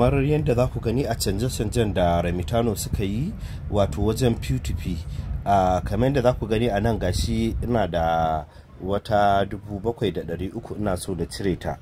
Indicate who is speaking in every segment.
Speaker 1: kamar yadda za ku gani a canje-canjen da ramitano suka yi wato wajen p2p a kamar yadda za ku gani a nan gashi ina da wata 7,300 ina so da cire ta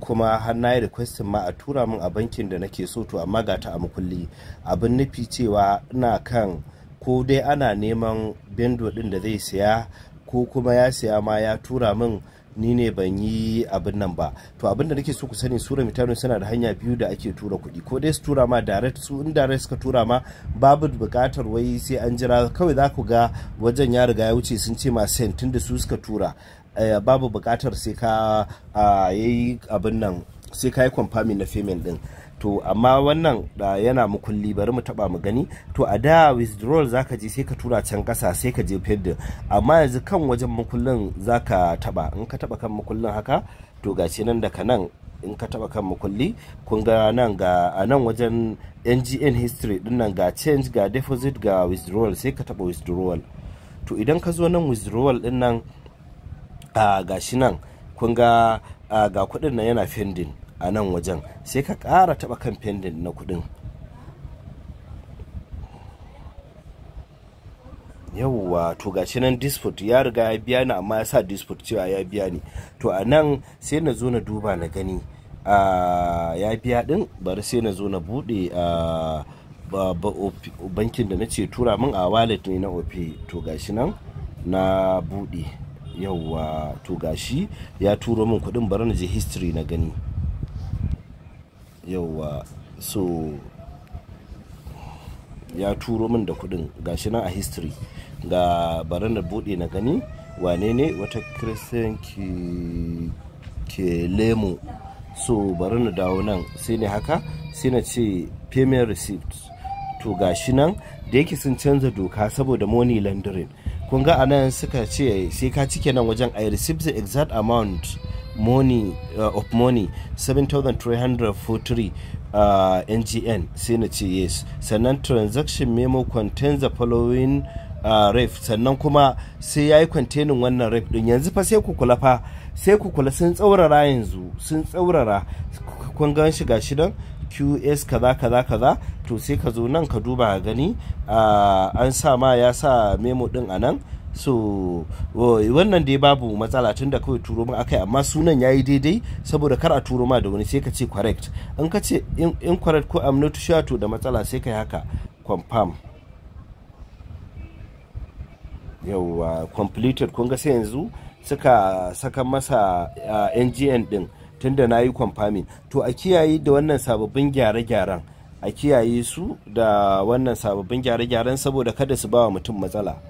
Speaker 1: kuma har na yi requestin ma a tura min a bankin da nake so to amma ga ta a mukulli abin nufi cewa ina kan ko dai ana neman bendo din da zai siya ko kuma ya siya ma ya tura min ni ne ban yi abin nan ba to abin da nake so ku sani sura mitano suna da hanya biyu da ake tura kuɗi ko dai su tura ma direct su in direct suka tura ma babu buƙatar wai sai an jira kawai za ku ga wajen ya riga ya wuce sun ce ma sent tun da su suka tura eh, babu buƙatar sai ka ah, yi abin nan sai ka yi confirming na payment din to amma wannan da yana mukulli bari mu taba mu gani to a da withdrawal zaka je sai ka tura can kasa sai ka je da amma yanzu kan wajen mukullin zaka taba in ka taba kan mukullin haka to gashi nan daga nan in ka taba kan mukulli kun ga nan ga a nan wajen ngn history din nan ga change ga deposit ga withdrawal sai ka taba withdrawal to idan ka zo nan withdrawal din nan a gashi nan kun ga ga kudin nan yana pending a nan wajen sai ka ƙara taɓa kan pendant na kuɗin yawwa to gashi nan dispute ya riga ya biya ni amma ya sa dispute cewa ya biya ni to a nan sai na zo na duba na gani ya biya din bari sai na zo na bude bankin da na ce tura min a wallet ne na ofe to gashi nan na bude yawwa to gashi ya turo min kuɗin bari na je history na gani yauwa so ya turo min da kudin gashi nan a history ga baran da bude na gani wane ne wata christian ki ke lemo so bari na dawo nan sai ne haka sai na ce payment receipt to gashi nan da yake sun canza doka saboda money laundering kun ga anan suka ce sai ka cike nan wajen i receive the exact amount money uh, of money 7343 uh, ngn sai ce yes sannan transaction memo contains the following uh, ref sannan kuma sai ya yi kwantenin wannan ref din yanzu fa sai ku kula fa sai ku kula sun tsaurara yanzu sun tsaurara kun gan shiga shidan qs kaza kaza kaza to sai ka zo nan ka duba gani uh, an sa ma ya sa memo din a nan so wannan dai babu matsala tun da kawai turo ma akai amma sunan ya yi daidai saboda kar a turo ma da wani sai ka ce correct in ka ce correct ko am not sure to da matsala sai ka yi haka confirm yawwa completed kun ga sai yanzu suka saka masa uh, ngn din tun da na yi confirming to a kiyaye da wannan sababbin gyare-gyaren a kiyaye su da wannan sababbin gyare-gyaren saboda kada su ba wa mutum matsala